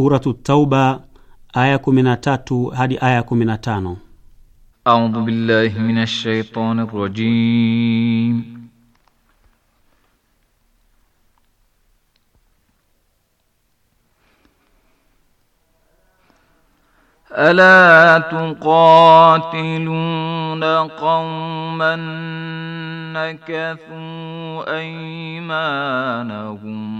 Suratu Tauba aya 13 hadi aya 15. A'udhu billahi minash shaitani rajim. Ala تقاتلون قوما nakathu aymanahum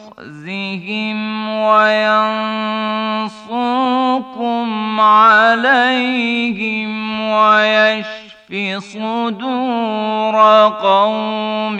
بأسهم وينصركم عليهم ويشف صدور قوم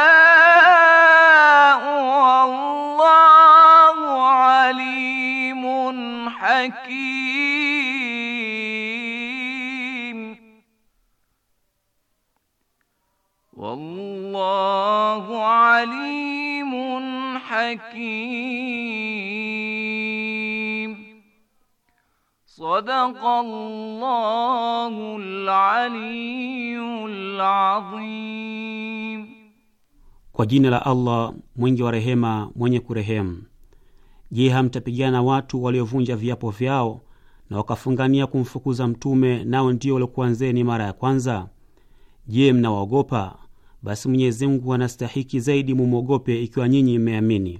صدق الله العلي العظيم Kwa jina la Allah mwingi wa rehema mwenye kurehemu. Je, hamtapigana watu waliovunja viapo vyao na wakafungania kumfukuza Mtume, nao ndio waliokuanzeni mara ya kwanza? Je, mnawaogopa? Basi Mwenyezi Mungu anastahiki zaidi mumwogope, ikiwa nyinyi mmeamini.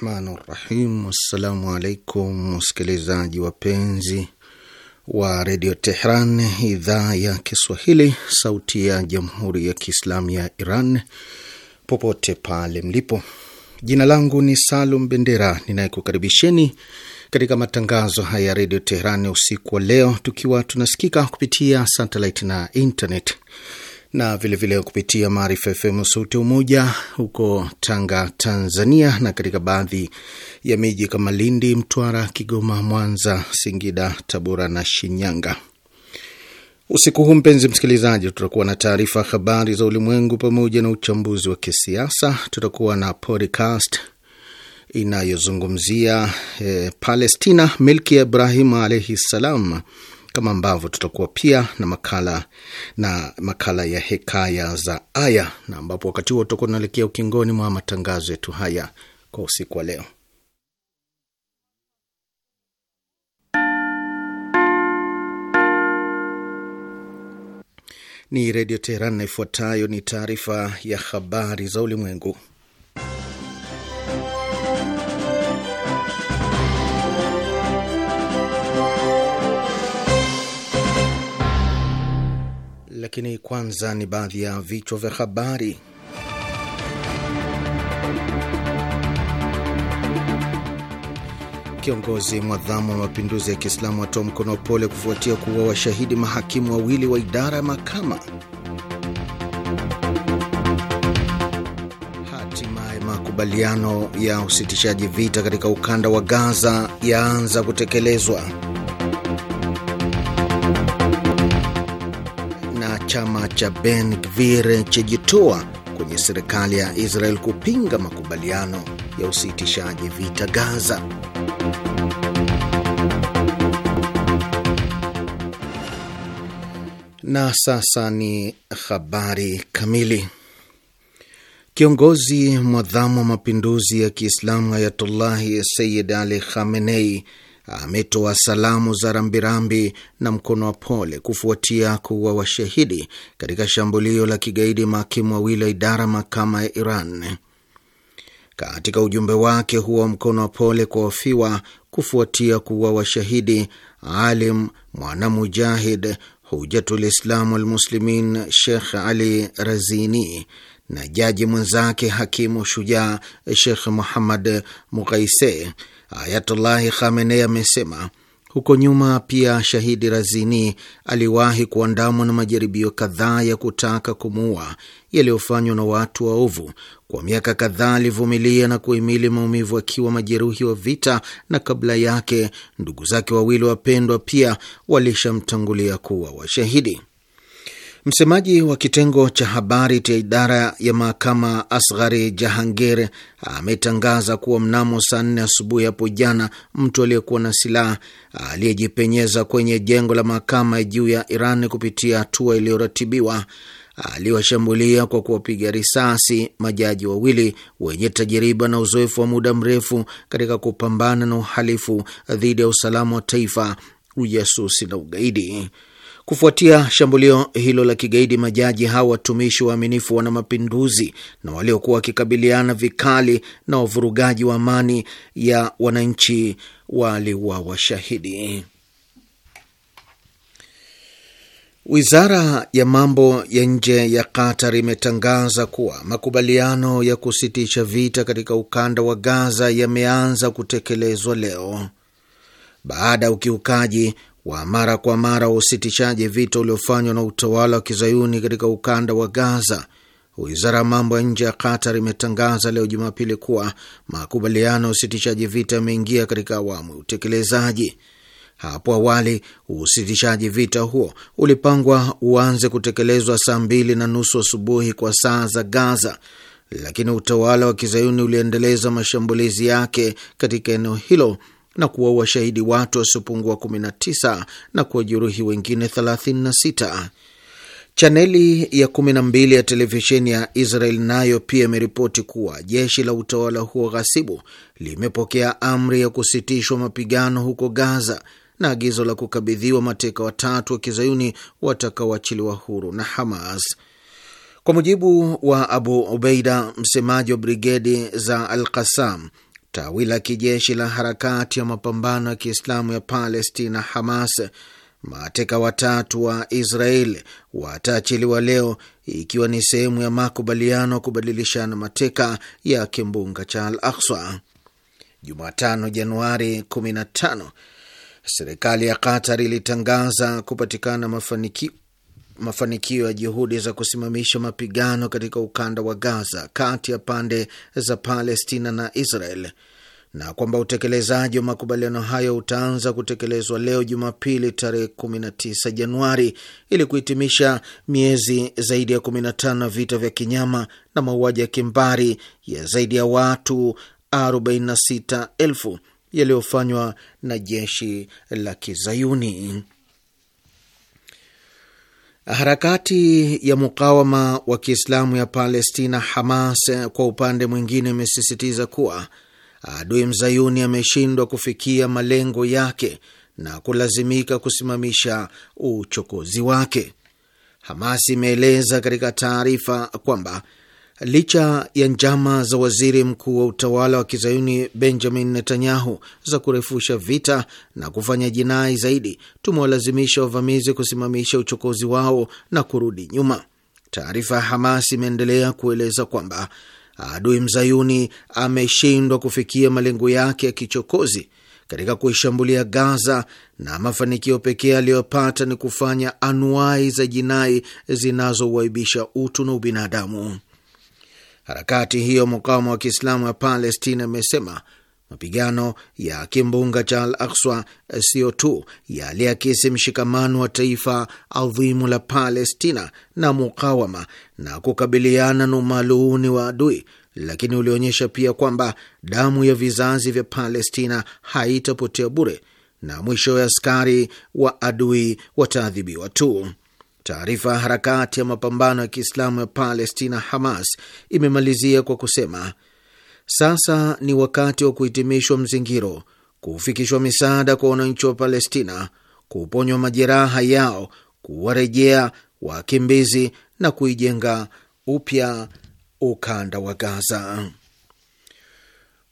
rahmani rahim. Wassalamu alaikum wasikilizaji wapenzi wa redio Tehran, idhaa ya Kiswahili, sauti ya jamhuri ya kiislamu ya Iran, popote pale mlipo. Jina langu ni Salum Bendera ninayekukaribisheni katika matangazo haya ya redio Tehran usiku wa leo, tukiwa tunasikika kupitia satelit na internet na vilevile vile kupitia Maarifa FM sauti Umoja huko Tanga, Tanzania, na katika baadhi ya miji kama Lindi, Mtwara, Kigoma, Mwanza, Singida, Tabora na Shinyanga. Usiku huu mpenzi msikilizaji, tutakuwa na taarifa habari za ulimwengu pamoja na uchambuzi wa kisiasa. Tutakuwa na podcast inayozungumzia eh, Palestina, milki ya Ibrahimu alaihi ssalam kama ambavyo tutakuwa pia na makala na makala ya hekaya za aya, na ambapo wakati huo tutakuwa tunaelekea ukingoni mwa matangazo yetu haya kwa usiku wa leo. Ni Redio Teheran na ifuatayo ni taarifa ya habari za ulimwengu. lakini kwanza ni baadhi ya vichwa vya habari. Kiongozi mwadhamu wa mapinduzi ya Kiislamu atoa mkono wa pole kufuatia kuwa washahidi mahakimu wawili wa idara ya mahakama. Hatimaye makubaliano ya usitishaji vita katika ukanda wa Gaza yaanza kutekelezwa. chama cha Ben Gvir chejitoa kwenye serikali ya Israel kupinga makubaliano ya usitishaji vita Gaza. Na sasa ni habari kamili. Kiongozi mwadhamu wa mapinduzi ya Kiislamu Ayatullahi Sayyid Ali Khamenei ametoa salamu za rambirambi na mkono wa pole kufuatia kuwa washahidi katika shambulio la kigaidi mahakimu wawili wa idara mahakama ya Iran. Katika ujumbe wake huo mkono wa pole kwa wafiwa kufuatia kuwa washahidi alim mwanamujahid Hujatul Islamu Almuslimin Shekh Ali Razini na jaji mwenzake hakimu shujaa Shekh Muhammad Mughaise Ayatullahi Khamenei amesema huko nyuma pia shahidi Razini aliwahi kuandamwa na majaribio kadhaa ya kutaka kumuua yaliyofanywa na watu waovu. Kwa miaka kadhaa alivumilia na kuhimili maumivu akiwa majeruhi wa vita, na kabla yake ndugu zake wawili wapendwa pia walishamtangulia kuwa washahidi. Msemaji wa kitengo cha habari cha idara ya mahakama Asghari Jahangir ametangaza kuwa mnamo saa nne asubuhi hapo jana mtu aliyekuwa na silaha aliyejipenyeza kwenye jengo la mahakama ya juu ya Iran kupitia hatua iliyoratibiwa aliwashambulia kwa kuwapiga risasi majaji wawili wenye tajiriba na uzoefu wa muda mrefu katika kupambana na uhalifu dhidi ya usalama wa taifa, ujasusi na ugaidi. Kufuatia shambulio hilo la kigaidi, majaji hao watumishi waaminifu wana mapinduzi na waliokuwa wakikabiliana vikali na wavurugaji wa amani ya wananchi waliwa washahidi Wizara ya mambo ya nje ya Qatar imetangaza kuwa makubaliano ya kusitisha vita katika ukanda wa Gaza yameanza kutekelezwa leo baada ya ukiukaji wa mara kwa mara wa usitishaji vita uliofanywa na utawala wa kizayuni katika ukanda wa Gaza, wizara ya mambo ya nje ya Qatar imetangaza leo Jumapili kuwa makubaliano ya usitishaji vita yameingia katika awamu ya utekelezaji. Hapo awali usitishaji vita huo ulipangwa uanze kutekelezwa saa mbili na nusu asubuhi kwa saa za Gaza, lakini utawala wa kizayuni uliendeleza mashambulizi yake katika eneo hilo na kuwa washahidi watu wasiopungua 19 na kuwajeruhi wengine 36. Chaneli ya 12 ya televisheni ya Israel nayo pia imeripoti kuwa jeshi la utawala huo ghasibu limepokea amri ya kusitishwa mapigano huko Gaza na agizo la kukabidhiwa mateka watatu wa kizayuni watakaoachiliwa huru na Hamas. Kwa mujibu wa Abu Ubeida, msemaji wa brigedi za Al Qassam, tawi la kijeshi la harakati ya mapambano ya Kiislamu ya Palestina, Hamas, mateka watatu wa Israel wataachiliwa leo ikiwa ni sehemu ya makubaliano ya kubadilishana mateka ya kimbunga cha Al Akswa. Jumatano Januari 15 serikali ya Qatar ilitangaza kupatikana mafanikio mafanikio ya juhudi za kusimamisha mapigano katika ukanda wa Gaza kati ya pande za Palestina na Israel na kwamba utekelezaji wa makubaliano hayo utaanza kutekelezwa leo Jumapili tarehe 19 Januari ili kuhitimisha miezi zaidi ya 15 ya vita vya kinyama na mauaji ya kimbari ya zaidi ya watu 46,000 yaliyofanywa na jeshi la Kizayuni. Harakati ya mukawama wa Kiislamu ya Palestina, Hamas, kwa upande mwingine, imesisitiza kuwa adui mzayuni ameshindwa kufikia malengo yake na kulazimika kusimamisha uchokozi wake. Hamas imeeleza katika taarifa kwamba Licha ya njama za waziri mkuu wa utawala wa kizayuni Benjamin Netanyahu za kurefusha vita na kufanya jinai zaidi, tumewalazimisha wavamizi kusimamisha uchokozi wao na kurudi nyuma. Taarifa ya Hamas imeendelea kueleza kwamba adui mzayuni ameshindwa kufikia malengo yake ya kichokozi katika kuishambulia Gaza na mafanikio pekee aliyopata ni kufanya anuai za jinai zinazowaibisha utu na ubinadamu. Harakati hiyo mukawama wa Kiislamu ya Palestina imesema mapigano ya kimbunga cha Al Akswa sio tu yaliakisi mshikamano wa taifa adhimu la Palestina na mukawama na kukabiliana na umaluuni wa adui, lakini ulionyesha pia kwamba damu ya vizazi vya Palestina haitapotea bure na mwisho ya askari wa adui wataadhibiwa tu. Taarifa ya harakati ya mapambano ya Kiislamu ya Palestina, Hamas, imemalizia kwa kusema sasa ni wakati wa kuhitimishwa mzingiro, kufikishwa misaada kwa wananchi wa Palestina, kuponywa majeraha yao, kuwarejea wakimbizi na kuijenga upya ukanda wa Gaza.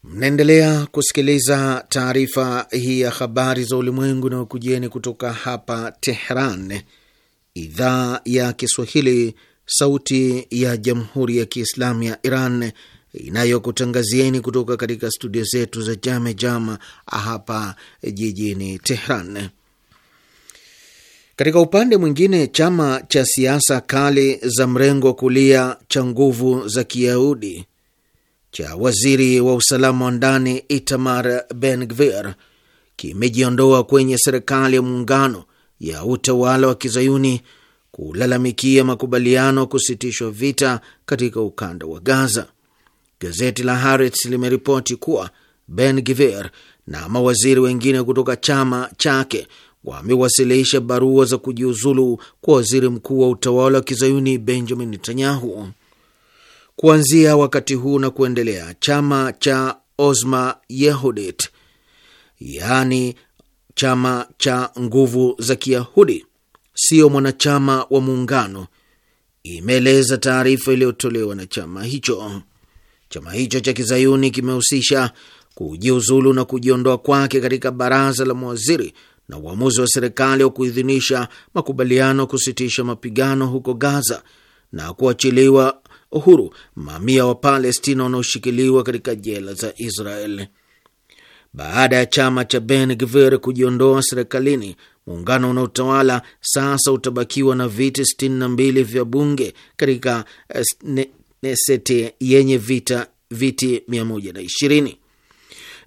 Mnaendelea kusikiliza taarifa hii ya habari za ulimwengu na ukujieni kutoka hapa Tehran, Idhaa ya Kiswahili, Sauti ya Jamhuri ya Kiislamu ya Iran inayokutangazieni kutoka katika studio zetu za Jame Jama hapa jijini Tehran. Katika upande mwingine, chama cha siasa kali za mrengo wa kulia cha nguvu za Kiyahudi cha waziri wa usalama wa ndani Itamar Ben Gvir kimejiondoa kwenye serikali ya muungano ya utawala wa kizayuni kulalamikia makubaliano kusitishwa vita katika ukanda wa Gaza. Gazeti la Haaretz limeripoti kuwa Ben Gvir na mawaziri wengine kutoka chama chake wamewasilisha barua za kujiuzulu kwa waziri mkuu wa utawala wa kizayuni Benjamin Netanyahu. Kuanzia wakati huu na kuendelea, chama cha Osma Yehudit yaani chama cha nguvu za Kiyahudi sio mwanachama wa muungano, imeeleza taarifa iliyotolewa na chama hicho. Chama hicho cha kizayuni kimehusisha kujiuzulu na kujiondoa kwake katika baraza la mawaziri na uamuzi wa serikali wa kuidhinisha makubaliano kusitisha mapigano huko Gaza na kuachiliwa uhuru mamia wa Palestina wanaoshikiliwa katika jela za Israel. Baada ya chama cha Ben Gvir kujiondoa serikalini, muungano unaotawala sasa utabakiwa na viti 62 vya bunge katika Kneseti eh, yenye vita viti 120.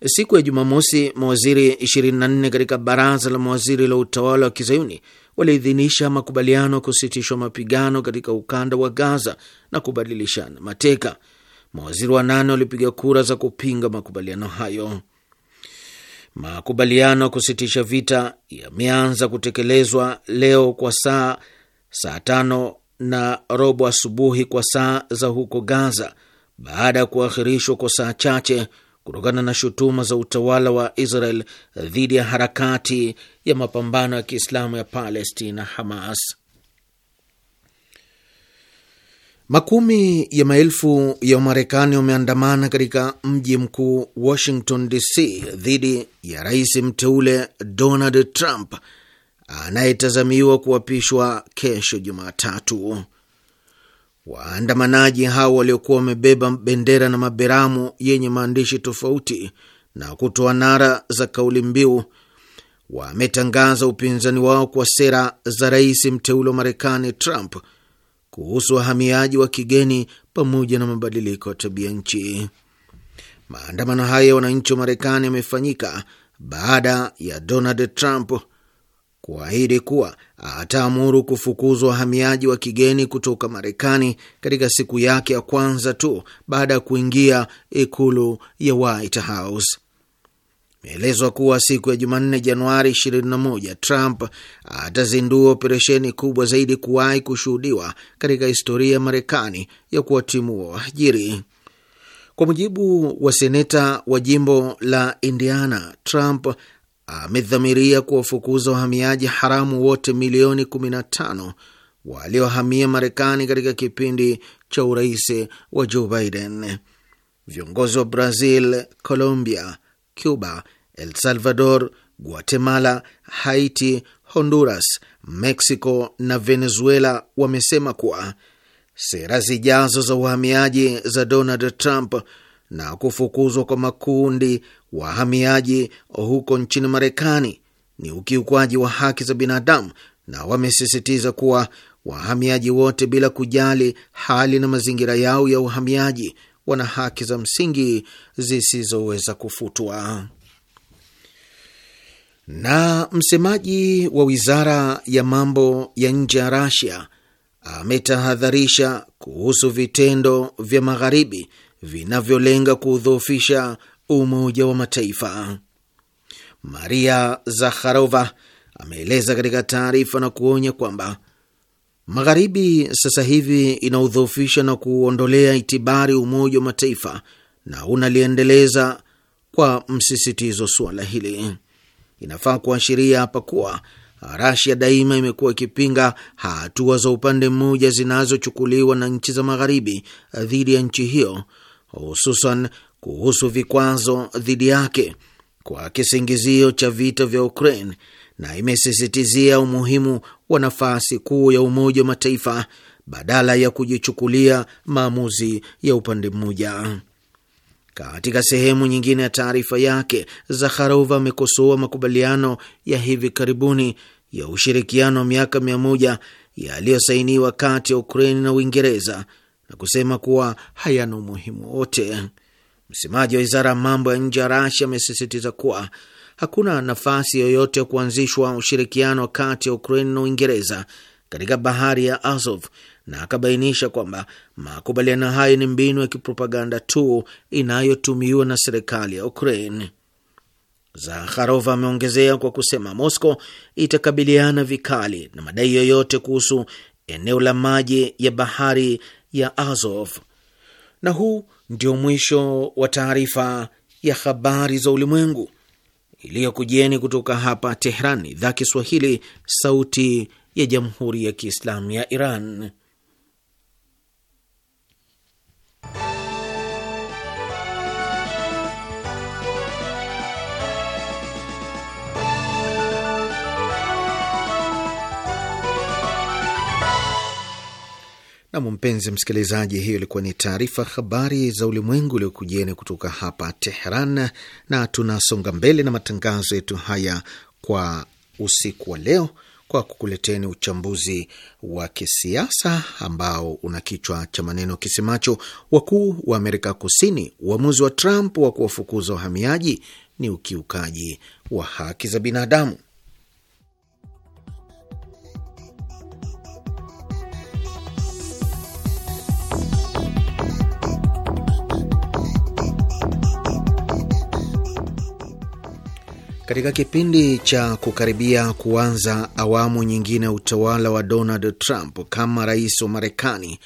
Siku ya Jumamosi, mawaziri 24 katika baraza la mawaziri la utawala wa kizayuni waliidhinisha makubaliano ya kusitishwa mapigano katika ukanda wa Gaza na kubadilishana mateka. Mawaziri wanane walipiga kura za kupinga makubaliano hayo. Makubaliano ya kusitisha vita yameanza kutekelezwa leo kwa saa saa tano na robo asubuhi kwa saa za huko Gaza baada ya kuahirishwa kwa saa chache kutokana na shutuma za utawala wa Israel dhidi ya harakati ya mapambano ya Kiislamu ya Palestina, Hamas. Makumi ya maelfu ya Wamarekani wameandamana katika mji mkuu Washington DC dhidi ya rais mteule Donald Trump anayetazamiwa kuapishwa kesho Jumatatu. Waandamanaji hao waliokuwa wamebeba bendera na maberamu yenye maandishi tofauti na kutoa nara za kauli mbiu wametangaza upinzani wao kwa sera za rais mteule wa Marekani Trump kuhusu wahamiaji wa kigeni pamoja na mabadiliko ya tabia nchi. Maandamano haya ya wananchi wa Marekani yamefanyika baada ya Donald Trump kuahidi kuwa ataamuru kufukuzwa wahamiaji wa kigeni kutoka Marekani katika siku yake ya kwanza tu baada ya kuingia ikulu ya White House. Imeelezwa kuwa siku ya Jumanne, Januari 21, Trump atazindua operesheni kubwa zaidi kuwahi kushuhudiwa katika historia ya Marekani ya kuwatimua waajiri Kwa mujibu wa seneta wa jimbo la Indiana, Trump amedhamiria kuwafukuza wahamiaji haramu wote milioni 15 waliohamia Marekani katika kipindi cha urais wa Joe Biden. Viongozi wa Brazil, Colombia, Cuba, El Salvador, Guatemala, Haiti, Honduras, Mexico na Venezuela wamesema kuwa sera zijazo za uhamiaji za Donald Trump na kufukuzwa kwa makundi wahamiaji huko nchini Marekani ni ukiukwaji wa haki za binadamu, na wamesisitiza kuwa wahamiaji wote bila kujali hali na mazingira yao ya uhamiaji wana haki za msingi zisizoweza kufutwa. Na msemaji wa wizara ya mambo ya nje ya Rasia ametahadharisha kuhusu vitendo vya magharibi vinavyolenga kudhoofisha Umoja wa Mataifa. Maria Zakharova ameeleza katika taarifa na kuonya kwamba Magharibi sasa hivi inaudhoofisha na kuondolea itibari Umoja wa Mataifa na unaliendeleza kwa msisitizo suala hili. Inafaa kuashiria hapa kuwa Rasia daima imekuwa ikipinga hatua za upande mmoja zinazochukuliwa na nchi za Magharibi dhidi ya nchi hiyo, hususan kuhusu vikwazo dhidi yake kwa kisingizio cha vita vya Ukraine, na imesisitizia umuhimu wa nafasi kuu ya Umoja wa Mataifa badala ya kujichukulia maamuzi ya upande mmoja. Katika sehemu nyingine ya taarifa yake, Zakharova amekosoa makubaliano ya hivi karibuni ya ushirikiano wa miaka mia moja yaliyosainiwa kati ya Ukraini na Uingereza na kusema kuwa hayana umuhimu wote. Msemaji wa wizara ya mambo ya nje ya Rasia amesisitiza kuwa hakuna nafasi yoyote ya kuanzishwa ushirikiano kati ya Ukraine na Uingereza katika bahari ya Azov, na akabainisha kwamba makubaliano hayo ni mbinu ya kipropaganda tu inayotumiwa na serikali ya Ukraine. Zakharov ameongezea kwa kusema Moscow itakabiliana vikali na madai yoyote kuhusu eneo la maji ya bahari ya Azov. Na huu ndio mwisho wa taarifa ya habari za ulimwengu iliyokujieni kutoka hapa Tehran, idhaa Kiswahili, sauti ya jamhuri ya kiislamu ya Iran. Nam, mpenzi msikilizaji, hiyo ilikuwa ni taarifa habari za ulimwengu uliokujieni kutoka hapa Teheran, na tunasonga mbele na matangazo yetu haya kwa usiku wa leo kwa kukuleteni uchambuzi wa kisiasa ambao una kichwa cha maneno kisemacho wakuu wa Amerika Kusini, uamuzi wa Trump wa kuwafukuza wahamiaji ni ukiukaji wa haki za binadamu. Katika kipindi cha kukaribia kuanza awamu nyingine ya utawala wa Donald Trump kama rais wa Marekani,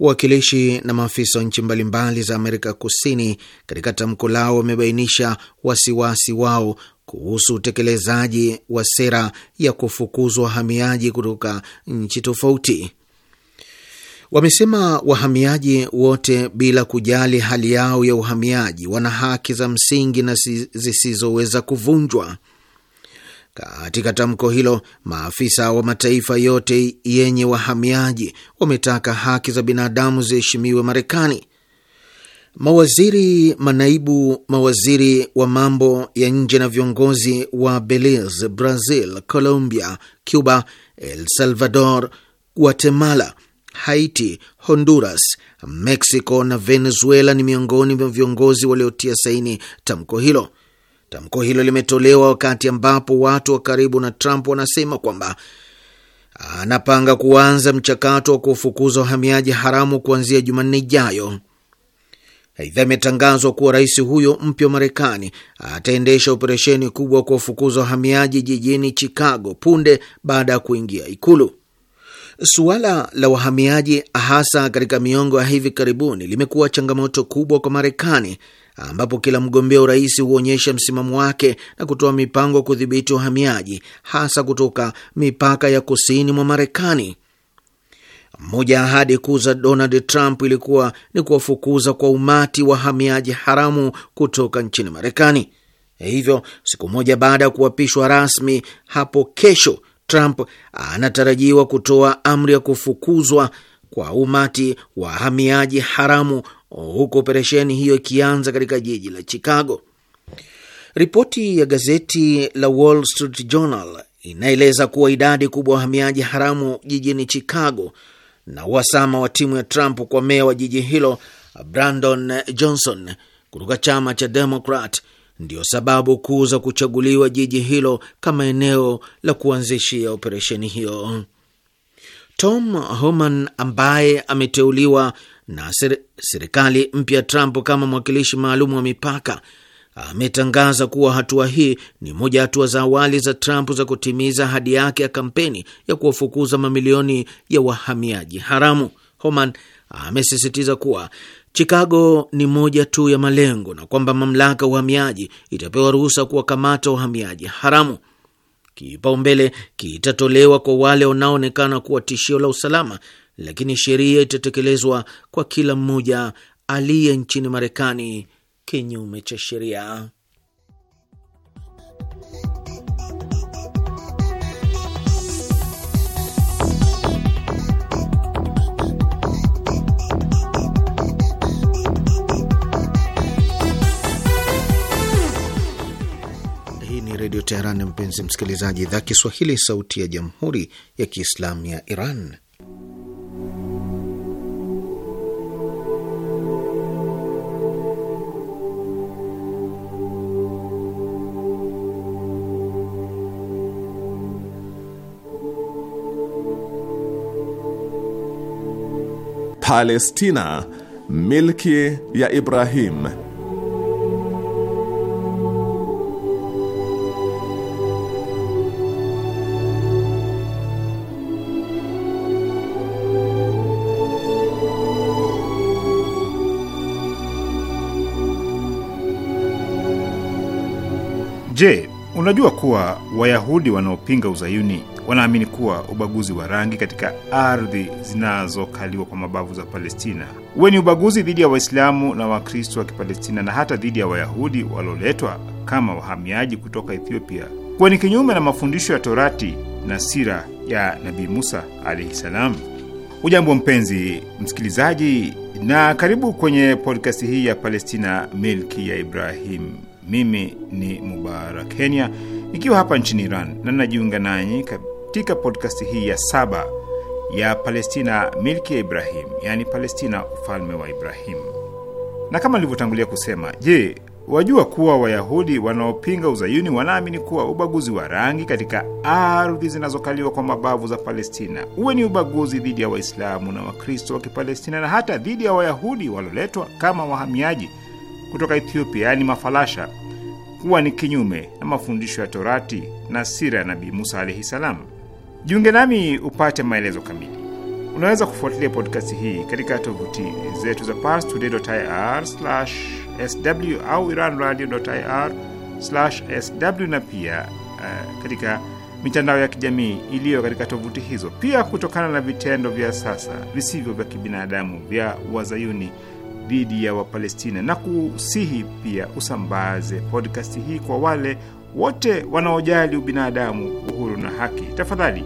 wawakilishi na maafisa wa nchi mbalimbali za Amerika Kusini katika tamko lao wamebainisha wasiwasi wao kuhusu utekelezaji wa sera ya kufukuzwa wahamiaji kutoka nchi tofauti. Wamesema wahamiaji wote bila kujali hali yao ya uhamiaji wana haki za msingi na zisizoweza kuvunjwa. Katika tamko hilo, maafisa wa mataifa yote yenye wahamiaji wametaka haki za binadamu ziheshimiwe Marekani. Mawaziri, manaibu mawaziri wa mambo ya nje na viongozi wa Belize, Brazil, Colombia, Cuba, el Salvador, Guatemala Haiti, Honduras, Mexico na Venezuela ni miongoni mwa viongozi waliotia saini tamko hilo. Tamko hilo limetolewa wakati ambapo watu wa karibu na Trump wanasema kwamba anapanga kuanza mchakato wa kufukuza wahamiaji haramu kuanzia Jumanne ijayo. Aidha, imetangazwa kuwa rais huyo mpya wa Marekani ataendesha operesheni kubwa kwa kuwafukuza wahamiaji jijini Chicago punde baada ya kuingia Ikulu. Suala la wahamiaji hasa katika miongo ya hivi karibuni limekuwa changamoto kubwa kwa Marekani, ambapo kila mgombea urais huonyesha msimamo wake na kutoa mipango ya kudhibiti wahamiaji hasa kutoka mipaka ya kusini mwa Marekani. Moja ya ahadi kuu za Donald Trump ilikuwa ni kuwafukuza kwa umati wahamiaji haramu kutoka nchini Marekani. Hivyo, siku moja baada ya kuapishwa rasmi hapo kesho Trump anatarajiwa kutoa amri ya kufukuzwa kwa umati wa wahamiaji haramu huku operesheni hiyo ikianza katika jiji la Chicago. Ripoti ya gazeti la Wall Street Journal inaeleza kuwa idadi kubwa ya wahamiaji haramu jijini Chicago na uhasama wa timu ya Trump kwa meya wa jiji hilo Brandon Johnson kutoka chama cha Democrat ndio sababu kuu za kuchaguliwa jiji hilo kama eneo la kuanzishia operesheni hiyo. Tom Homan ambaye ameteuliwa na serikali mpya Trump kama mwakilishi maalum wa mipaka ametangaza kuwa hatua hii ni moja ya hatua za awali za Trump za kutimiza ahadi yake ya kampeni ya kuwafukuza mamilioni ya wahamiaji haramu. Homan amesisitiza kuwa Chicago ni moja tu ya malengo na kwamba mamlaka ya uhamiaji itapewa ruhusa kuwakamata wahamiaji haramu. Kipaumbele kitatolewa kwa wale wanaoonekana kuwa tishio la usalama, lakini sheria itatekelezwa kwa kila mmoja aliye nchini Marekani kinyume cha sheria. Teheran, mpenzi msikilizaji, idhaa Kiswahili, sauti ya jamhuri ya kiislamu ya Iran. Palestina, milki ya Ibrahim. Je, unajua kuwa Wayahudi wanaopinga uzayuni wanaamini kuwa ubaguzi wa rangi katika ardhi zinazokaliwa kwa mabavu za Palestina huwe ni ubaguzi dhidi ya Waislamu na Wakristo wa Kipalestina na hata dhidi ya Wayahudi walioletwa kama wahamiaji kutoka Ethiopia, kuwa ni kinyume na mafundisho ya Torati na sira ya Nabii Musa alaihi salam. Ujambo mpenzi msikilizaji, na karibu kwenye podkasti hii ya Palestina, milki ya ibrahimu mimi ni Mubarak Kenya nikiwa hapa nchini Iran na ninajiunga nanyi katika podkasti hii ya saba ya Palestina, milki ya Ibrahim, yaani Palestina, ufalme wa Ibrahim. Na kama nilivyotangulia kusema, je, wajua kuwa Wayahudi wanaopinga uzayuni wanaamini kuwa ubaguzi wa rangi katika ardhi zinazokaliwa kwa mabavu za Palestina uwe ni ubaguzi dhidi ya Waislamu na Wakristo wa Kipalestina na hata dhidi ya Wayahudi walioletwa kama wahamiaji kutoka Ethiopia, yaani mafalasha, kuwa ni kinyume na mafundisho ya Torati na sira ya Nabii Musa alaihi salam. Jiunge nami upate maelezo kamili. Unaweza kufuatilia podkasti hii katika tovuti zetu za parstoday.ir/sw au iranradio.ir/sw na pia uh, katika mitandao ya kijamii iliyo katika tovuti hizo. Pia kutokana na vitendo vya sasa visivyo vya kibinadamu vya Wazayuni dhidi ya Wapalestina na kusihi pia usambaze podkasti hii kwa wale wote wanaojali ubinadamu, uhuru na haki. Tafadhali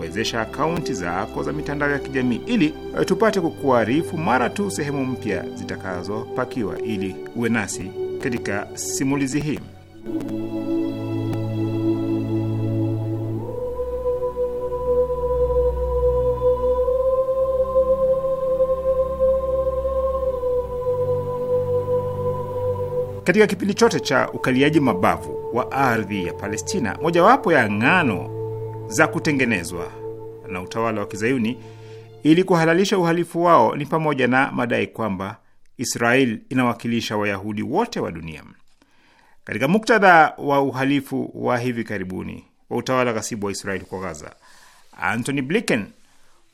wezesha akaunti zako za mitandao ya kijamii ili eh, tupate kukuarifu mara tu sehemu mpya zitakazopakiwa, ili uwe nasi katika simulizi hii. katika kipindi chote cha ukaliaji mabavu wa ardhi ya Palestina. Mojawapo ya ngano za kutengenezwa na utawala wa kizayuni ili kuhalalisha uhalifu wao ni pamoja na madai kwamba Israel inawakilisha Wayahudi wote wa dunia. Katika muktadha wa uhalifu wa hivi karibuni wa utawala ghasibu wa Israel kwa Gaza, Antony Blinken,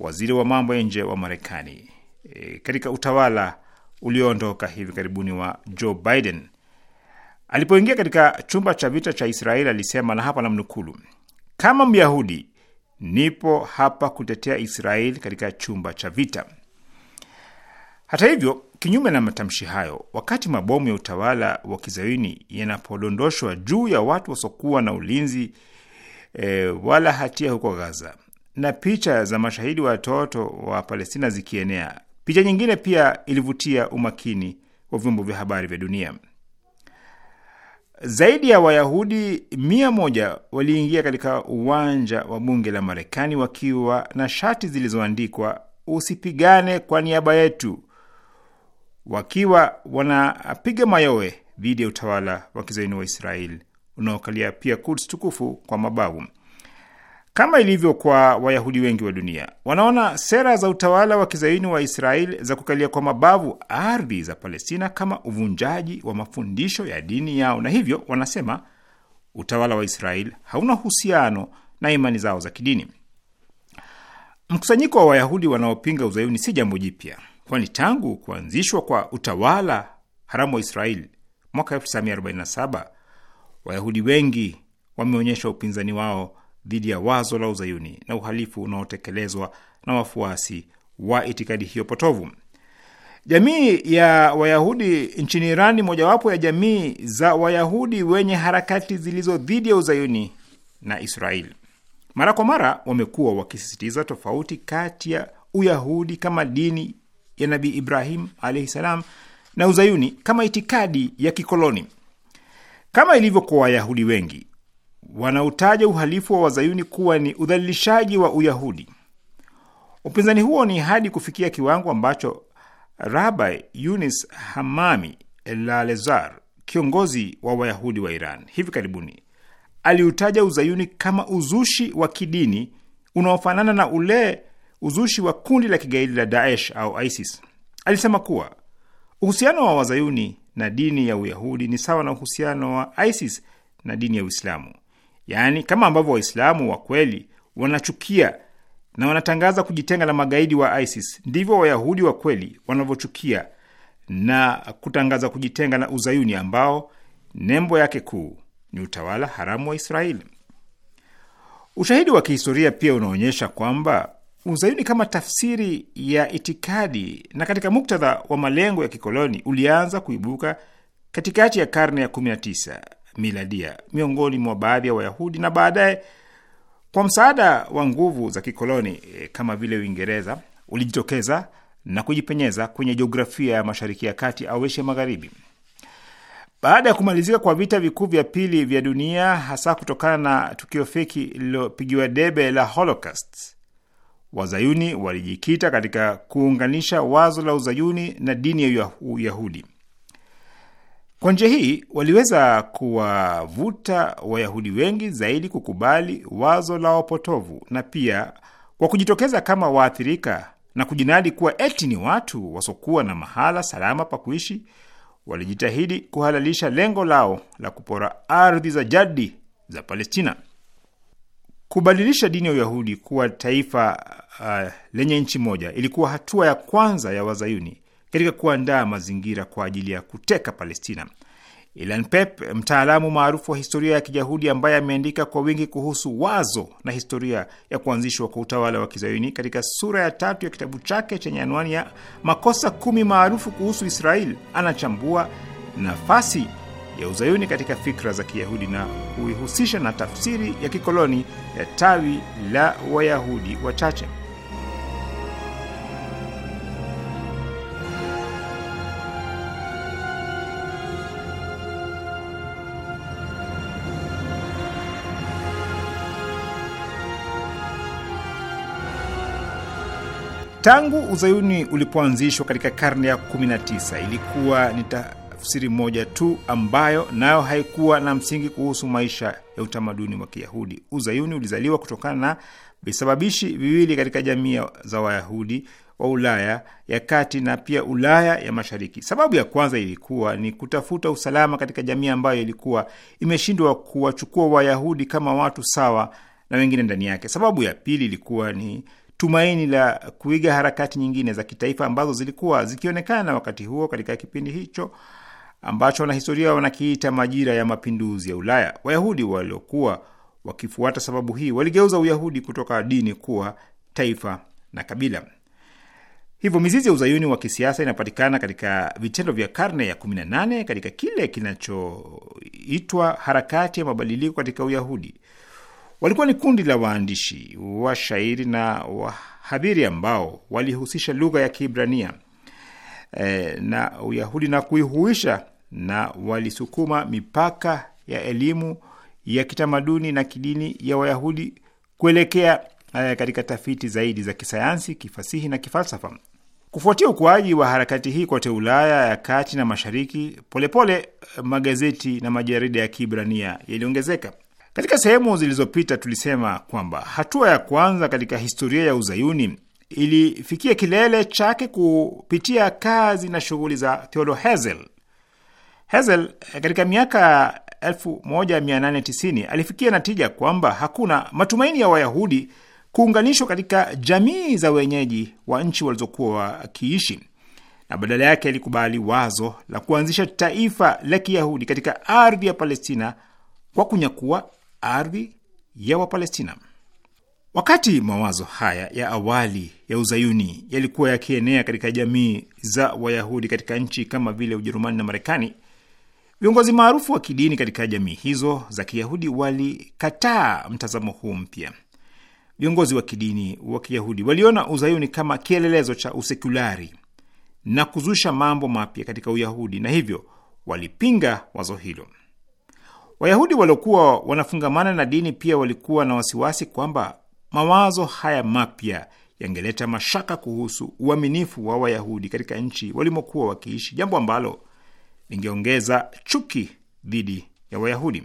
waziri wa mambo ya nje wa Marekani e, katika utawala ulioondoka hivi karibuni wa Joe Biden Alipoingia katika chumba cha vita cha Israeli alisema, na hapa namnukulu, kama Myahudi nipo hapa kutetea Israeli katika chumba cha vita. Hata hivyo, kinyume na matamshi hayo, wakati mabomu ya utawala wa kizayuni yanapodondoshwa juu ya watu wasiokuwa na ulinzi e, wala hatia huko Gaza na picha za mashahidi watoto wa Palestina zikienea, picha nyingine pia ilivutia umakini wa vyombo vya habari vya dunia. Zaidi ya Wayahudi mia moja waliingia katika uwanja wa bunge la Marekani wakiwa na shati zilizoandikwa usipigane kwa niaba yetu, wakiwa wanapiga mayowe dhidi ya utawala wa kizaini wa Israeli unaokalia pia Kuds tukufu kwa mabavu. Kama ilivyo kwa Wayahudi wengi wa dunia, wanaona sera za utawala wa kizaini wa Israeli za kukalia kwa mabavu ardhi za Palestina kama uvunjaji wa mafundisho ya dini yao, na hivyo wanasema utawala wa Israeli hauna uhusiano na imani zao za kidini. Mkusanyiko wa Wayahudi wanaopinga uzayuni si jambo jipya, kwani tangu kuanzishwa kwa utawala haramu wa Israeli mwaka 1947 Wayahudi wengi wameonyesha upinzani wao dhidi ya wazo la uzayuni na uhalifu unaotekelezwa na wafuasi wa itikadi hiyo potovu. Jamii ya Wayahudi nchini Iran ni mojawapo ya jamii za Wayahudi wenye harakati zilizo dhidi ya uzayuni na Israeli. Mara kwa mara wamekuwa wakisisitiza tofauti kati ya Uyahudi kama dini ya Nabii Ibrahim alaihi salam na uzayuni kama itikadi ya kikoloni. Kama ilivyo kwa Wayahudi wengi, wanautaja uhalifu wa wazayuni kuwa ni udhalilishaji wa Uyahudi. Upinzani huo ni hadi kufikia kiwango ambacho Rabai Yunis Hamami Lalezar, kiongozi wa Wayahudi wa Iran, hivi karibuni aliutaja uzayuni kama uzushi wa kidini unaofanana na ule uzushi wa kundi la kigaidi la Daesh au ISIS. Alisema kuwa uhusiano wa wazayuni na dini ya Uyahudi ni sawa na uhusiano wa ISIS na dini ya Uislamu yaani kama ambavyo Waislamu wa kweli wanachukia na wanatangaza kujitenga na magaidi wa ISIS, ndivyo Wayahudi wa kweli wanavyochukia na kutangaza kujitenga na uzayuni ambao nembo yake kuu ni utawala haramu wa Israeli. Ushahidi wa kihistoria pia unaonyesha kwamba uzayuni kama tafsiri ya itikadi na katika muktadha wa malengo ya kikoloni ulianza kuibuka katikati ya karne ya 19 miladia miongoni mwa baadhi ya Wayahudi na baadaye kwa msaada wa nguvu za kikoloni e, kama vile Uingereza ulijitokeza na kujipenyeza kwenye jiografia ya Mashariki ya Kati au Asia Magharibi. Baada ya kumalizika kwa vita vikuu vya pili vya dunia, hasa kutokana na tukio feki lililopigiwa debe la Holocaust, Wazayuni walijikita katika kuunganisha wazo la uzayuni na dini ya Uyahudi. Kwa njia hii waliweza kuwavuta Wayahudi wengi zaidi kukubali wazo la wapotovu na pia kwa kujitokeza kama waathirika na kujinadi kuwa eti ni watu wasokuwa na mahala salama pa kuishi, walijitahidi kuhalalisha lengo lao la kupora ardhi za jadi za Palestina. Kubadilisha dini ya Uyahudi kuwa taifa uh, lenye nchi moja ilikuwa hatua ya kwanza ya Wazayuni katika kuandaa mazingira kwa ajili ya kuteka Palestina. Ilan Pep, mtaalamu maarufu wa historia ya Kijahudi ambaye ameandika kwa wingi kuhusu wazo na historia ya kuanzishwa kwa utawala wa Kizayuni, katika sura ya tatu ya kitabu chake chenye anwani ya makosa kumi maarufu kuhusu Israel, anachambua nafasi ya Uzayuni katika fikra za Kiyahudi na huihusisha na tafsiri ya kikoloni ya tawi la Wayahudi wachache. Tangu uzayuni ulipoanzishwa katika karne ya 19 ilikuwa ni tafsiri moja tu ambayo nayo haikuwa na msingi kuhusu maisha ya utamaduni wa Kiyahudi. Uzayuni ulizaliwa kutokana na visababishi viwili katika jamii za Wayahudi wa Ulaya ya kati na pia Ulaya ya Mashariki. Sababu ya kwanza ilikuwa ni kutafuta usalama katika jamii ambayo ilikuwa imeshindwa kuwachukua Wayahudi kama watu sawa na wengine ndani yake. Sababu ya pili ilikuwa ni tumaini la kuiga harakati nyingine za kitaifa ambazo zilikuwa zikionekana wakati huo katika kipindi hicho ambacho wanahistoria wanakiita majira ya mapinduzi ya Ulaya. Wayahudi waliokuwa wakifuata sababu hii waligeuza Uyahudi kutoka dini kuwa taifa na kabila. Hivyo mizizi ya uzayuni wa kisiasa inapatikana katika vitendo vya karne ya 18 katika kile kinachoitwa harakati ya mabadiliko katika Uyahudi. Walikuwa ni kundi la waandishi, washairi na wahadhiri ambao walihusisha lugha ya Kiibrania e, na Uyahudi na kuihuisha, na walisukuma mipaka ya elimu ya kitamaduni na kidini ya Wayahudi kuelekea e, katika tafiti zaidi za kisayansi, kifasihi na kifalsafa. Kufuatia ukuaji wa harakati hii kote Ulaya ya kati na mashariki, polepole pole magazeti na majarida ya Kiibrania yaliongezeka. Katika sehemu zilizopita tulisema kwamba hatua ya kwanza katika historia ya uzayuni ilifikia kilele chake kupitia kazi na shughuli za Theodor Herzl. Herzl eh, katika miaka 1890 alifikia natija kwamba hakuna matumaini ya Wayahudi kuunganishwa katika jamii za wenyeji wa nchi walizokuwa wakiishi, na badala yake alikubali wazo la kuanzisha taifa la Kiyahudi katika ardhi ya Palestina kwa kunyakua ardhi ya Wapalestina. Wakati mawazo haya ya awali ya uzayuni yalikuwa yakienea katika jamii za Wayahudi katika nchi kama vile Ujerumani na Marekani, viongozi maarufu wa kidini katika jamii hizo za Kiyahudi walikataa mtazamo huu mpya. Viongozi wa kidini wa Kiyahudi waliona uzayuni kama kielelezo cha usekulari na kuzusha mambo mapya katika Uyahudi, na hivyo walipinga wazo hilo. Wayahudi waliokuwa wanafungamana na dini pia walikuwa na wasiwasi kwamba mawazo haya mapya yangeleta mashaka kuhusu uaminifu wa Wayahudi katika nchi walimokuwa wakiishi, jambo ambalo lingeongeza chuki dhidi ya Wayahudi.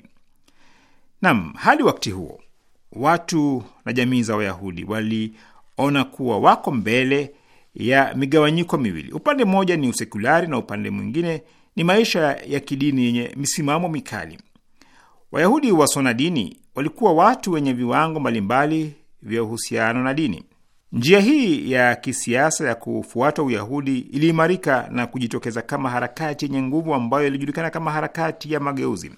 Naam, hadi wakati huo watu na jamii za Wayahudi waliona kuwa wako mbele ya migawanyiko miwili. Upande mmoja ni usekulari na upande mwingine ni maisha ya kidini yenye misimamo mikali. Wayahudi wasona dini walikuwa watu wenye viwango mbalimbali vya uhusiano na dini. Njia hii ya kisiasa ya kufuata Uyahudi iliimarika na kujitokeza kama harakati yenye nguvu ambayo ilijulikana kama harakati ya mageuzi.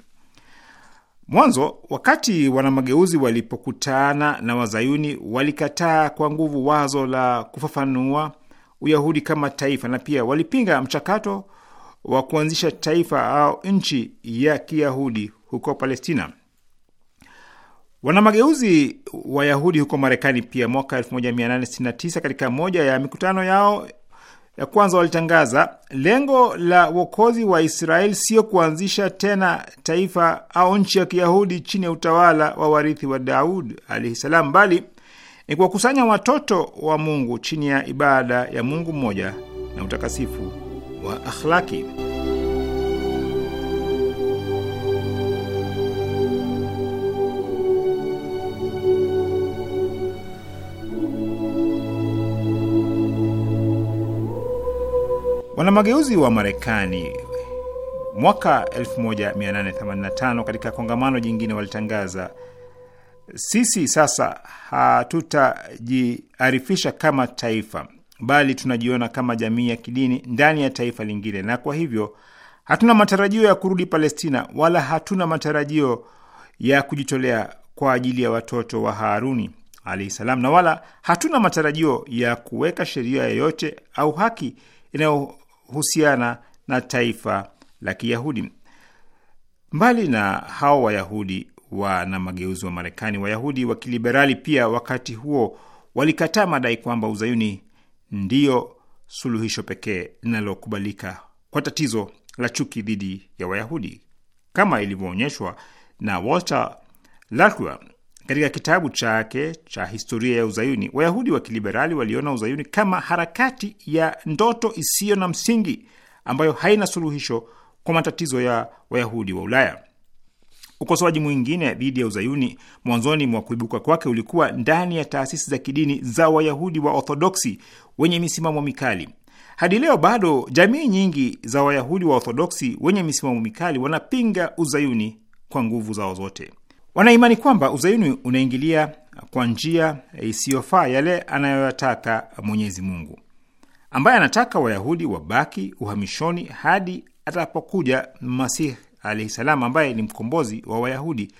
Mwanzo, wakati wanamageuzi walipokutana na Wazayuni, walikataa kwa nguvu wazo la kufafanua Uyahudi kama taifa na pia walipinga mchakato wa kuanzisha taifa au nchi ya Kiyahudi huko Palestina. Wanamageuzi Wayahudi huko Marekani pia mwaka 1869 katika moja ya mikutano yao ya kwanza walitangaza lengo la uokozi wa israel sio kuanzisha tena taifa au nchi ya Kiyahudi chini ya utawala wa warithi wa Daud alahi salam, bali ni kuwakusanya watoto wa Mungu chini ya ibada ya Mungu mmoja na utakasifu wa akhlaki. Wanamageuzi wa Marekani mwaka 1885 katika kongamano jingine walitangaza, sisi sasa hatutajiarifisha kama taifa bali tunajiona kama jamii ya kidini ndani ya taifa lingine, na kwa hivyo hatuna matarajio ya kurudi Palestina wala hatuna matarajio ya kujitolea kwa ajili ya watoto wa Haruni alahi salam, na wala hatuna matarajio ya kuweka sheria yoyote au haki inayohusiana na taifa la Kiyahudi. Mbali na hao Wayahudi wana mageuzi wa Marekani, Wayahudi wa kiliberali pia wakati huo walikataa madai kwamba uzayuni ndiyo suluhisho pekee linalokubalika kwa tatizo la chuki dhidi ya Wayahudi kama ilivyoonyeshwa na Walter Lacroix katika kitabu chake cha historia ya Uzayuni. Wayahudi wa kiliberali waliona Uzayuni kama harakati ya ndoto isiyo na msingi ambayo haina suluhisho kwa matatizo ya Wayahudi wa Ulaya. Ukosoaji mwingine dhidi ya uzayuni mwanzoni mwa kuibuka kwake ulikuwa ndani ya taasisi za kidini za Wayahudi wa Orthodoksi wenye misimamo mikali. Hadi leo bado jamii nyingi za Wayahudi wa Orthodoksi wenye misimamo mikali wanapinga uzayuni kwa nguvu zao zote. Wanaimani kwamba uzayuni unaingilia kwa njia isiyofaa yale anayoyataka Mwenyezi Mungu, ambaye anataka Wayahudi wabaki uhamishoni hadi atapokuja Masihi alaihi salam, ambaye ni mkombozi wa Wayahudi,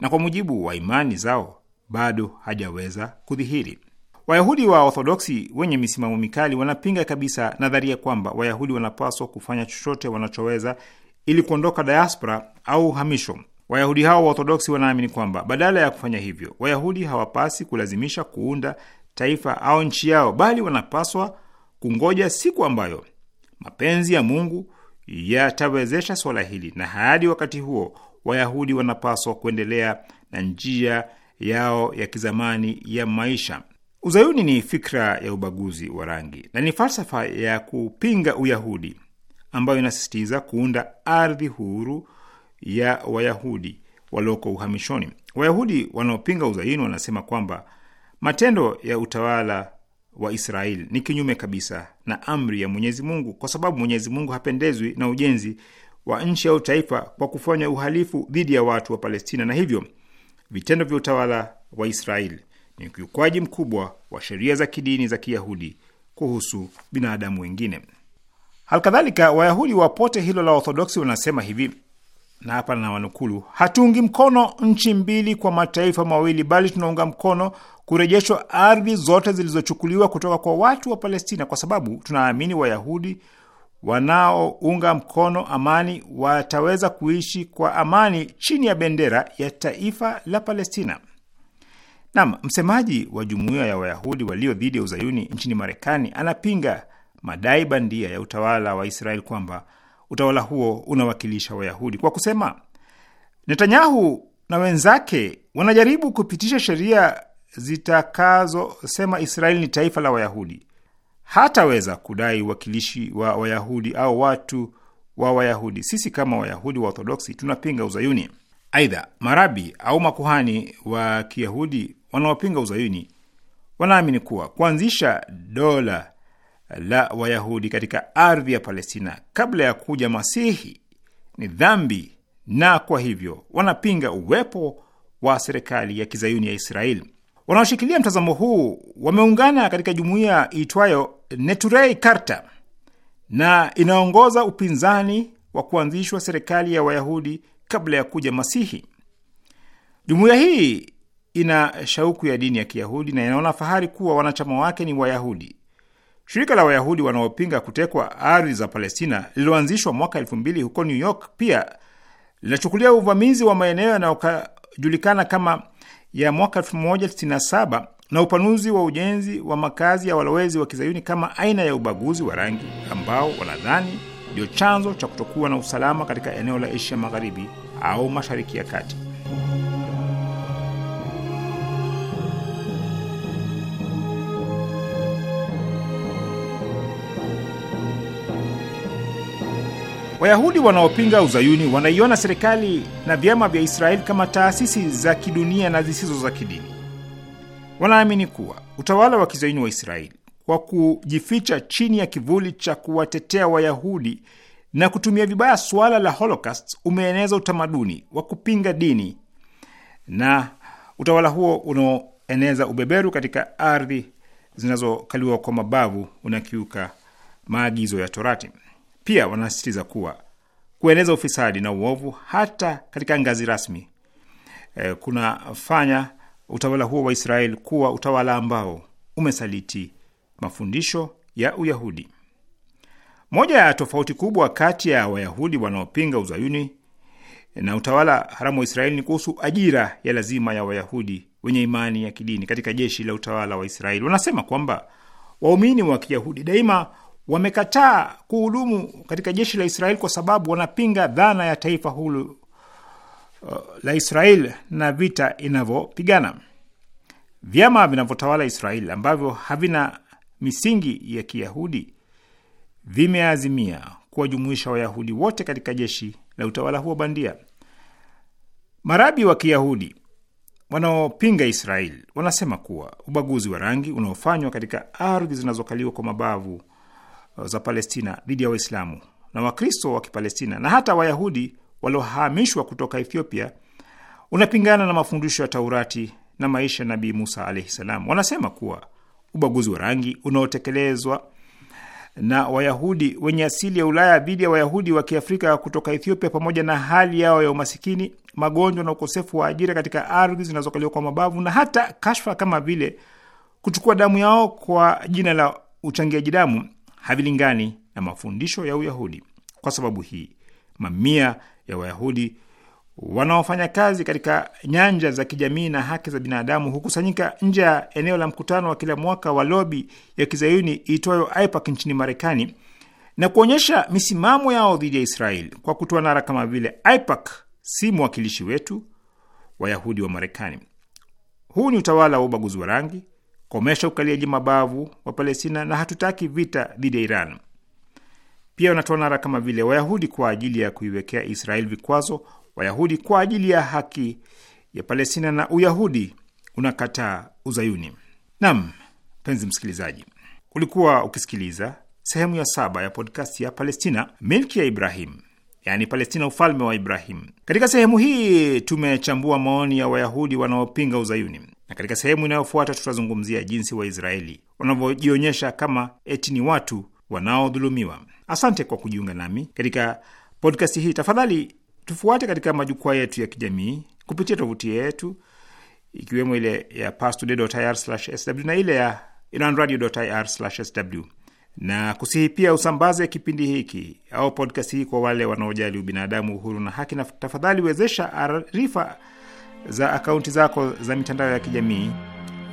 na kwa mujibu wa imani zao bado hajaweza kudhihiri. Wayahudi wa Orthodoksi wenye misimamo mikali wanapinga kabisa nadharia kwamba Wayahudi wanapaswa kufanya chochote wanachoweza ili kuondoka diaspora au uhamisho. Wayahudi hao wa Orthodoksi wanaamini kwamba badala ya kufanya hivyo, Wayahudi hawapasi kulazimisha kuunda taifa au nchi yao, bali wanapaswa kungoja siku ambayo mapenzi ya Mungu yatawezesha suala hili, na hadi wakati huo Wayahudi wanapaswa kuendelea na njia yao ya kizamani ya maisha. Uzayuni ni fikra ya ubaguzi wa rangi na ni falsafa ya kupinga Uyahudi ambayo inasisitiza kuunda ardhi huru ya Wayahudi walioko uhamishoni. Wayahudi wanaopinga uzayuni wanasema kwamba matendo ya utawala wa Israeli ni kinyume kabisa na amri ya Mwenyezi Mungu, kwa sababu Mwenyezi Mungu hapendezwi na ujenzi wa nchi au taifa kwa kufanya uhalifu dhidi ya watu wa Palestina, na hivyo vitendo vya utawala wa Israeli ni ukiukwaji mkubwa wa sheria za kidini za Kiyahudi kuhusu binadamu wengine. Halikadhalika, Wayahudi wa pote hilo la Orthodoksi wanasema hivi: na hapa na wanukulu, hatuungi mkono nchi mbili kwa mataifa mawili, bali tunaunga mkono kurejeshwa ardhi zote zilizochukuliwa kutoka kwa watu wa Palestina, kwa sababu tunaamini Wayahudi wanaounga mkono amani wataweza kuishi kwa amani chini ya bendera ya taifa la Palestina. Nam, msemaji wa jumuiya ya Wayahudi walio dhidi ya uzayuni nchini Marekani anapinga madai bandia ya utawala wa Israeli kwamba utawala huo unawakilisha Wayahudi kwa kusema Netanyahu na wenzake wanajaribu kupitisha sheria zitakazosema Israeli ni taifa la Wayahudi. Hataweza kudai uwakilishi wa Wayahudi au watu wa Wayahudi. Sisi kama Wayahudi wa Orthodoksi tunapinga Uzayuni. Aidha, marabi au makuhani wa Kiyahudi wanaopinga Uzayuni wanaamini kuwa kuanzisha dola la Wayahudi katika ardhi ya Palestina kabla ya kuja Masihi ni dhambi, na kwa hivyo wanapinga uwepo wa serikali ya kizayuni ya Israeli. Wanaoshikilia mtazamo huu wameungana katika jumuiya iitwayo Neturei Karta na inaongoza upinzani wa kuanzishwa serikali ya Wayahudi kabla ya kuja Masihi. Jumuiya hii ina shauku ya dini ya Kiyahudi na inaona fahari kuwa wanachama wake ni Wayahudi. Shirika la Wayahudi wanaopinga kutekwa ardhi za Palestina lililoanzishwa mwaka elfu mbili huko New York pia linachukulia uvamizi wa maeneo yanayojulikana kama ya mwaka 1967 na upanuzi wa ujenzi wa makazi ya walowezi wa kizayuni kama aina ya ubaguzi wa rangi ambao wanadhani ndio chanzo cha kutokuwa na usalama katika eneo la Asia Magharibi au Mashariki ya Kati. Wayahudi wanaopinga uzayuni wanaiona serikali na vyama vya Israeli kama taasisi za kidunia na zisizo za kidini. Wanaamini kuwa utawala wa kizayuni wa Israeli kwa kujificha chini ya kivuli cha kuwatetea Wayahudi na kutumia vibaya suala la Holocaust umeeneza utamaduni wa kupinga dini na utawala huo unaoeneza ubeberu katika ardhi zinazokaliwa kwa mabavu unakiuka maagizo ya Torati. Pia wanasisitiza kuwa kueneza ufisadi na uovu hata katika ngazi rasmi e, kunafanya utawala huo wa Israeli kuwa utawala ambao umesaliti mafundisho ya Uyahudi. Moja ya tofauti kubwa kati ya Wayahudi wanaopinga uzayuni na utawala haramu wa Israeli ni kuhusu ajira ya lazima ya Wayahudi wenye imani ya kidini katika jeshi la utawala wa Israeli. Wanasema kwamba waumini wa Kiyahudi daima wamekataa kuhudumu katika jeshi la Israel kwa sababu wanapinga dhana ya taifa hulu uh, la Israel na vita inavyopigana. Vyama vinavyotawala Israel ambavyo havina misingi ya Kiyahudi vimeazimia kuwajumuisha Wayahudi wote katika jeshi la utawala huo bandia. Marabi wa Kiyahudi wanaopinga Israel wanasema kuwa ubaguzi wa rangi unaofanywa katika ardhi zinazokaliwa kwa mabavu za Palestina dhidi ya Waislamu na Wakristo wa Kipalestina na hata Wayahudi waliohamishwa kutoka Ethiopia unapingana na mafundisho ya Taurati na maisha ya Nabii Musa alaihi salam. Wanasema kuwa ubaguzi wa rangi unaotekelezwa na Wayahudi wenye asili ya Ulaya dhidi ya Wayahudi wa Kiafrika kutoka Ethiopia, pamoja na hali yao ya umasikini, magonjwa na ukosefu wa ajira katika ardhi zinazokaliwa kwa mabavu, na hata kashfa kama vile kuchukua damu yao kwa jina la uchangiaji damu, havilingani na mafundisho ya Uyahudi. Kwa sababu hii, mamia ya Wayahudi wanaofanya kazi katika nyanja za kijamii na haki za binadamu hukusanyika nje ya eneo la mkutano wa kila mwaka wa lobi ya kizayuni iitwayo AIPAC nchini Marekani na kuonyesha misimamo yao dhidi ya Israeli kwa kutoa nara kama vile AIPAC si mwakilishi wetu, Wayahudi wa Marekani. Huu ni utawala wa ubaguzi wa rangi, komesha ukaliaji mabavu wa Palestina na hatutaki vita dhidi ya Iran. Pia wanatoa nara kama vile Wayahudi kwa ajili ya kuiwekea Israel vikwazo, Wayahudi kwa ajili ya haki ya Palestina na Uyahudi unakataa Uzayuni. Nam, mpenzi msikilizaji, ulikuwa ukisikiliza sehemu ya saba ya podcast ya Palestina, milki ya Ibrahim, yani Palestina, ufalme wa Ibrahim. Katika sehemu hii tumechambua maoni ya Wayahudi wanaopinga Uzayuni na katika sehemu inayofuata tutazungumzia jinsi Waisraeli wanavyojionyesha kama eti ni watu wanaodhulumiwa. Asante kwa kujiunga nami katika podcast hii. Tafadhali tufuate katika majukwaa yetu ya kijamii kupitia tovuti yetu ikiwemo ile ya pastoday.ir/sw na ile ya iranradio.ir/sw na kusihi pia usambaze kipindi hiki au podcast hii kwa wale wanaojali ubinadamu, uhuru na haki, na tafadhali wezesha arifa za akaunti zako za mitandao ya kijamii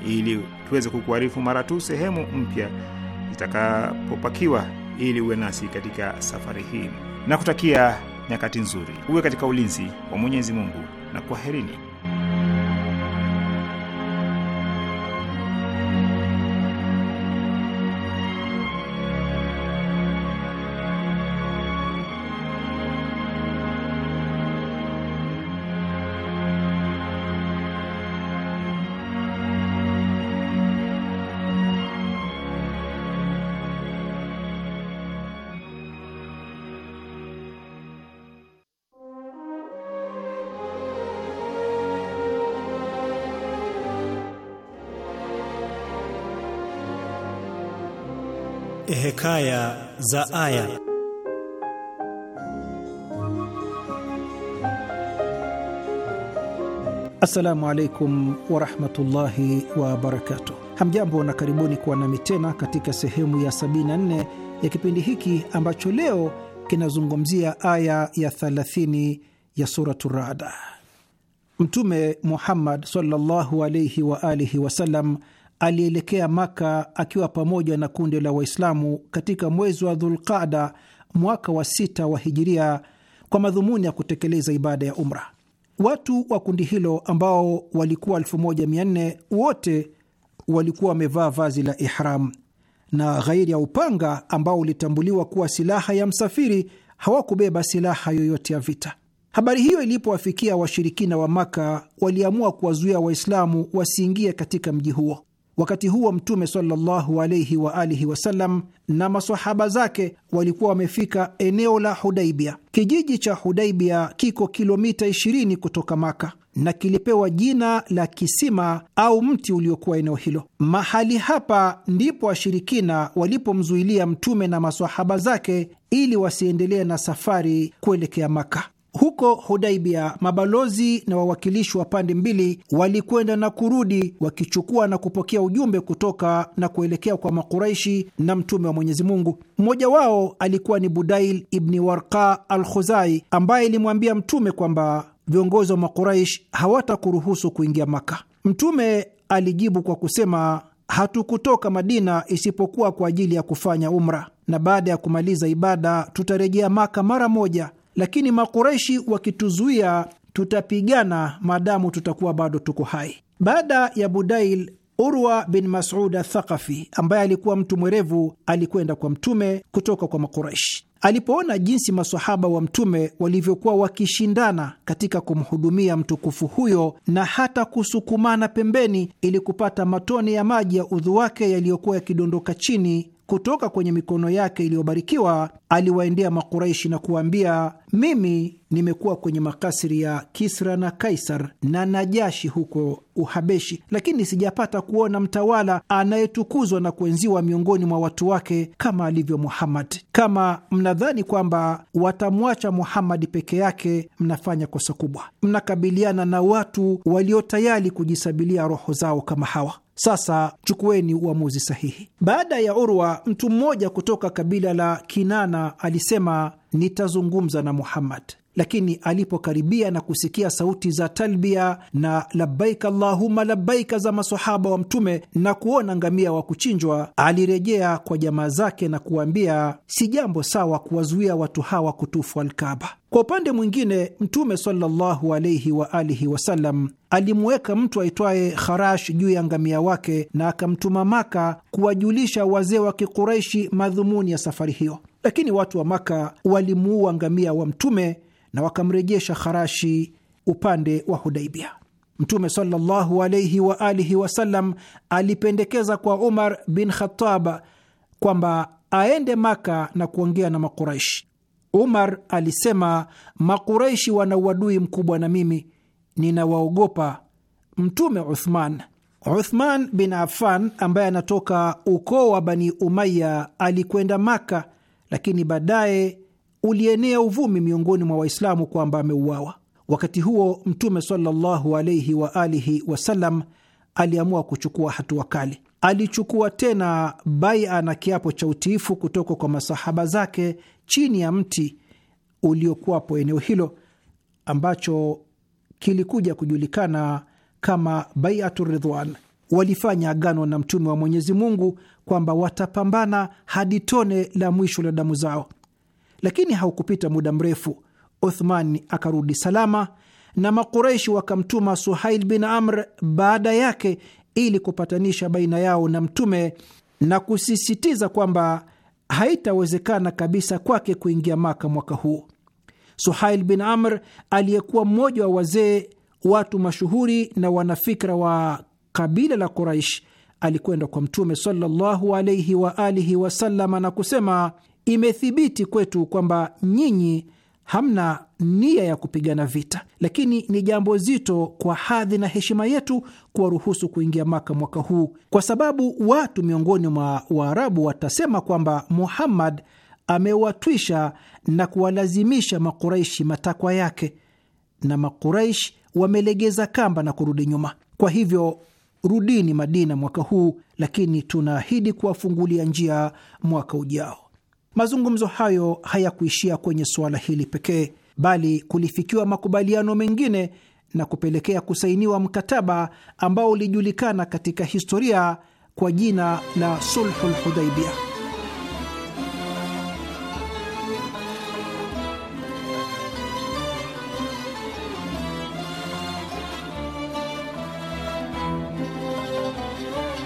ili tuweze kukuarifu mara tu sehemu mpya zitakapopakiwa ili uwe nasi katika safari hii na kutakia nyakati nzuri. Uwe katika ulinzi wa Mwenyezi Mungu na kwaherini. Hekaya za Aya. Assalamu alaikum warahmatullahi wabarakatuh. Hamjambo na karibuni kuwa nami tena katika sehemu ya 74 ya kipindi hiki ambacho leo kinazungumzia aya ya 30 ya Suratu Rada. Mtume Muhammad sallallahu alaihi waalihi wasallam alielekea Maka akiwa pamoja na kundi la Waislamu katika mwezi wa Dhulqada mwaka wa sita wa Hijiria kwa madhumuni ya kutekeleza ibada ya umra. Watu wa kundi hilo ambao walikuwa 1400 wote walikuwa wamevaa vazi la ihram, na ghairi ya upanga ambao ulitambuliwa kuwa silaha ya msafiri, hawakubeba silaha yoyote ya vita. Habari hiyo ilipowafikia washirikina wa Maka, waliamua kuwazuia Waislamu wasiingie katika mji huo. Wakati huo Mtume sallallahu alaihi wa alihi wasallam na masahaba zake walikuwa wamefika eneo la Hudaibia. Kijiji cha Hudaibia kiko kilomita 20 kutoka Maka na kilipewa jina la kisima au mti uliokuwa eneo hilo. Mahali hapa ndipo washirikina walipomzuilia Mtume na masahaba zake ili wasiendelee na safari kuelekea Maka. Huko Hudaibia, mabalozi na wawakilishi wa pande mbili walikwenda na kurudi wakichukua na kupokea ujumbe kutoka na kuelekea kwa Makuraishi na Mtume wa Mwenyezi Mungu. Mmoja wao alikuwa ni Budail ibni Warqa al Khuzai, ambaye ilimwambia Mtume kwamba viongozi wa Makuraish hawatakuruhusu kuingia Maka. Mtume alijibu kwa kusema hatukutoka Madina isipokuwa kwa ajili ya kufanya umra, na baada ya kumaliza ibada tutarejea Maka mara moja lakini Makureshi wakituzuia, tutapigana maadamu tutakuwa bado tuko hai. Baada ya Budail, Urwa bin Masud Athaqafi ambaye alikuwa mtu mwerevu alikwenda kwa Mtume kutoka kwa Makureshi. Alipoona jinsi masahaba wa Mtume walivyokuwa wakishindana katika kumhudumia mtukufu huyo na hata kusukumana pembeni ili kupata matone ya maji ya udhu wake yaliyokuwa yakidondoka chini kutoka kwenye mikono yake iliyobarikiwa, aliwaendea Makuraishi na kuwaambia, mimi nimekuwa kwenye makasri ya Kisra na Kaisar na Najashi huko Uhabeshi, lakini sijapata kuona mtawala anayetukuzwa na kuenziwa miongoni mwa watu wake kama alivyo Muhammad. Kama mnadhani kwamba watamwacha Muhammad peke yake, mnafanya kosa kubwa. Mnakabiliana na watu walio tayari kujisabilia roho zao kama hawa. Sasa chukueni uamuzi sahihi. Baada ya Urwa, mtu mmoja kutoka kabila la Kinana alisema, nitazungumza na Muhammad lakini alipokaribia na kusikia sauti za talbia na labbaik llahuma labbaika za masahaba wa Mtume na kuona ngamia wa kuchinjwa, alirejea kwa jamaa zake na kuwaambia, si jambo sawa kuwazuia watu hawa kutufu Alkaba. Kwa upande mwingine, Mtume sallallahu alaihi wa alihi wasallam alimuweka mtu aitwaye Kharash juu ya ngamia wake na akamtuma Maka kuwajulisha wazee wa Kikureishi madhumuni ya safari hiyo, lakini watu wa Maka walimuua ngamia wa Mtume na wakamrejesha Kharashi upande wa Hudaibia. Mtume sallallahu alayhi wa alihi wasallam alipendekeza kwa Umar bin Khattab kwamba aende Maka na kuongea na Makuraishi. Umar alisema, Makuraishi wana uadui mkubwa na mimi, ninawaogopa Mtume Uthman. Uthman bin Affan ambaye anatoka ukoo wa Bani Umaya alikwenda Maka, lakini baadaye ulienea uvumi miongoni mwa Waislamu kwamba ameuawa. Wakati huo Mtume sallallahu alaihi wa alihi wasallam aliamua kuchukua hatua kali. Alichukua tena baia na kiapo cha utiifu kutoka kwa masahaba zake chini ya mti uliokuwapo eneo hilo ambacho kilikuja kujulikana kama Baiatu Ridwan. Walifanya agano na Mtume wa Mwenyezi Mungu kwamba watapambana hadi tone la mwisho la damu zao lakini haukupita muda mrefu Uthman akarudi salama na Makureishi wakamtuma Suhail bin Amr baada yake ili kupatanisha baina yao na Mtume na kusisitiza kwamba haitawezekana kabisa kwake kuingia Maka mwaka huu. Suhail bin Amr aliyekuwa mmoja wa wazee, watu mashuhuri na wanafikra wa kabila la Quraish alikwenda kwa Mtume sallallahu alaihi waalihi wasalama na kusema imethibiti kwetu kwamba nyinyi hamna nia ya kupigana vita, lakini ni jambo zito kwa hadhi na heshima yetu kuwaruhusu kuingia Maka mwaka huu, kwa sababu watu miongoni mwa Waarabu watasema kwamba Muhammad amewatwisha na kuwalazimisha Makuraishi matakwa yake, na Makuraishi wamelegeza kamba na kurudi nyuma. Kwa hivyo rudini Madina mwaka huu, lakini tunaahidi kuwafungulia njia mwaka ujao. Mazungumzo hayo hayakuishia kwenye suala hili pekee, bali kulifikiwa makubaliano mengine na kupelekea kusainiwa mkataba ambao ulijulikana katika historia kwa jina la Sulhul Hudaibia.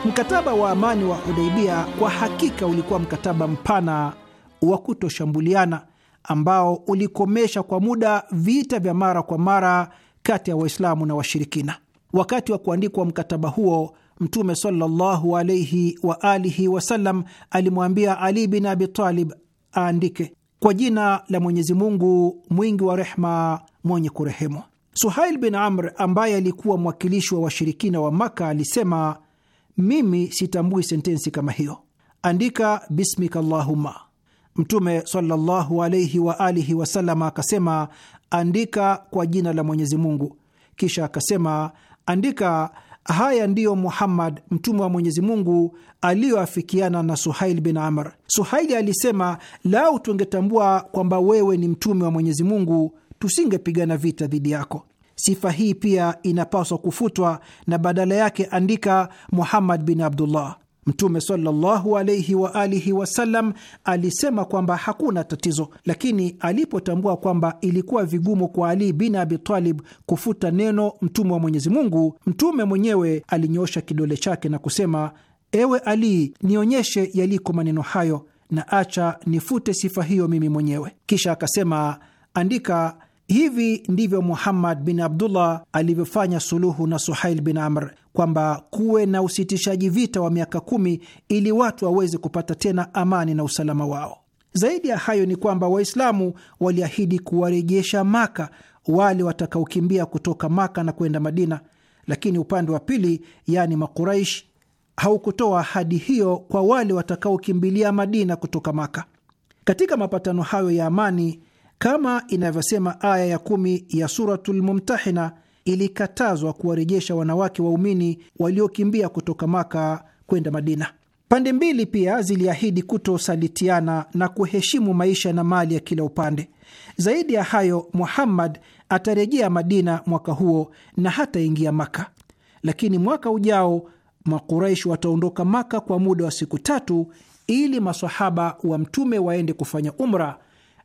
Mkataba wa amani wa Hudaibia kwa hakika ulikuwa mkataba mpana wa kutoshambuliana ambao ulikomesha kwa muda vita vya mara kwa mara kati ya Waislamu na washirikina. Wakati wa kuandikwa mkataba huo, Mtume sallallahu alaihi wa alihi wasallam alimwambia Ali bin Abi Talib aandike kwa jina la Mwenyezi Mungu mwingi wa rehma, mwenye kurehemu. Suhail bin Amr ambaye alikuwa mwakilishi wa washirikina wa Maka alisema, mimi sitambui sentensi kama hiyo. Andika bismika llahumma Mtume sallallahu alaihi wa alihi wasallam akasema, andika kwa jina la Mwenyezi Mungu. Kisha akasema, andika haya ndiyo Muhammad mtume wa Mwenyezi Mungu aliyoafikiana na Suhail bin Amr. Suhaili alisema, lau tungetambua kwamba wewe ni mtume wa Mwenyezi Mungu tusingepigana vita dhidi yako. Sifa hii pia inapaswa kufutwa na badala yake andika Muhammad bin Abdullah. Mtume sallallahu alaihi wa alihi wasallam alisema kwamba hakuna tatizo, lakini alipotambua kwamba ilikuwa vigumu kwa Ali bin Abi Talib kufuta neno mtume wa Mwenyezi Mungu, mtume mwenyewe alinyosha kidole chake na kusema, ewe Ali, nionyeshe yaliko maneno hayo na acha nifute sifa hiyo mimi mwenyewe. Kisha akasema, andika Hivi ndivyo Muhammad bin Abdullah alivyofanya suluhu na Suhail bin Amr, kwamba kuwe na usitishaji vita wa miaka kumi ili watu waweze kupata tena amani na usalama wao. Zaidi ya hayo ni kwamba Waislamu waliahidi kuwarejesha Maka wale watakaokimbia kutoka Maka na kwenda Madina, lakini upande wa pili, yaani Makuraish, haukutoa ahadi hiyo kwa wale watakaokimbilia Madina kutoka Maka. Katika mapatano hayo ya amani kama inavyosema aya ya kumi ya Suratul Mumtahina, ilikatazwa kuwarejesha wanawake waumini waliokimbia kutoka Maka kwenda Madina. Pande mbili pia ziliahidi kutosalitiana na kuheshimu maisha na mali ya kila upande. Zaidi ya hayo, Muhammad atarejea Madina mwaka huo na hataingia Maka, lakini mwaka ujao Makuraishi wataondoka Maka kwa muda wa siku tatu ili masahaba wa Mtume waende kufanya umra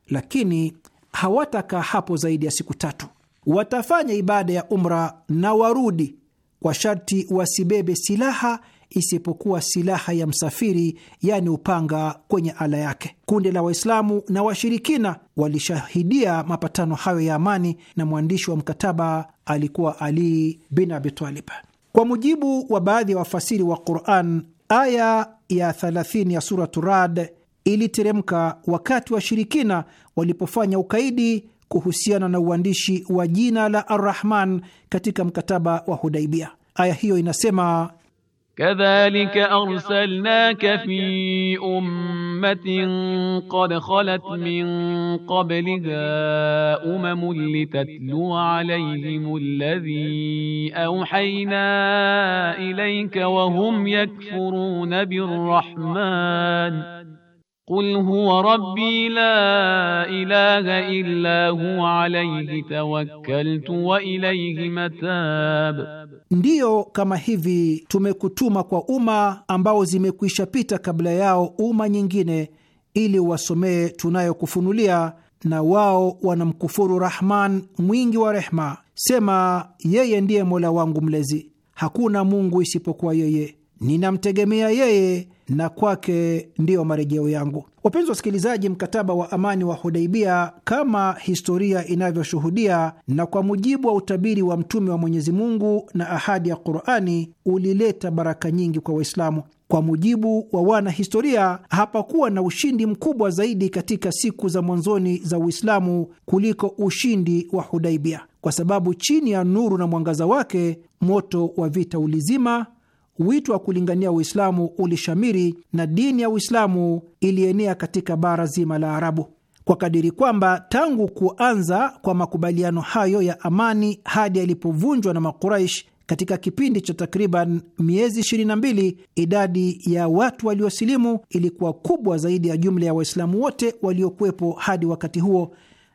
lakini hawatakaa hapo zaidi ya siku tatu. Watafanya ibada ya umra na warudi, kwa sharti wasibebe silaha isipokuwa silaha ya msafiri, yaani upanga kwenye ala yake. Kundi la Waislamu na washirikina walishahidia mapatano hayo ya amani, na mwandishi wa mkataba alikuwa Ali bin Abi Talib. Kwa mujibu wa baadhi ya wafasiri wa Quran, aya ya 30 ya Suratu Rad iliteremka wakati washirikina walipofanya ukaidi kuhusiana na uandishi wa jina la Arrahman katika mkataba wa Hudaibia. Aya hiyo inasema: kadhalika arsalnaka fi ummatin qad khalat min qabliha umamun litatluwa alayhim alladhi awhayna ilayka wa hum yakfuruna birrahman قل هو ربي لا إله إلا هو عليه توكلت وإليه matab, ndiyo kama hivi tumekutuma kwa umma ambao zimekwisha pita kabla yao umma nyingine, ili wasomee tunayokufunulia, na wao wanamkufuru Rahman mwingi wa rehma. Sema, yeye ndiye mola wangu mlezi, hakuna mungu isipokuwa yeye, ninamtegemea yeye na kwake ndiyo marejeo yangu. Wapenzi wa wasikilizaji, mkataba wa amani wa Hudaibia, kama historia inavyoshuhudia na kwa mujibu wa utabiri wa mtume wa Mwenyezi Mungu na ahadi ya Qurani, ulileta baraka nyingi kwa Waislamu. Kwa mujibu wa wanahistoria, hapakuwa na ushindi mkubwa zaidi katika siku za mwanzoni za Uislamu kuliko ushindi wa Hudaibia, kwa sababu chini ya nuru na mwangaza wake moto wa vita ulizima wito wa kulingania Uislamu ulishamiri na dini ya Uislamu ilienea katika bara zima la Arabu kwa kadiri kwamba tangu kuanza kwa makubaliano hayo ya amani hadi yalipovunjwa na Makuraish katika kipindi cha takriban miezi 22 idadi ya watu waliosilimu ilikuwa kubwa zaidi ya jumla ya Waislamu wote waliokuwepo hadi wakati huo,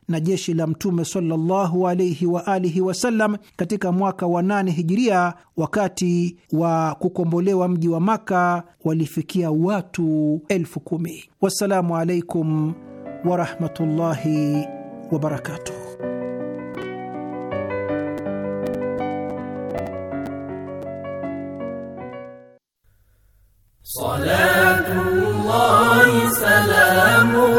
na jeshi la Mtume sallallahu alaihi wa alihi wasallam katika mwaka wa nane hijiria, wakati wa kukombolewa mji wa Maka walifikia watu elfu kumi. Wassalamu alaikum warahmatullahi wabarakatuh. Salatu salamu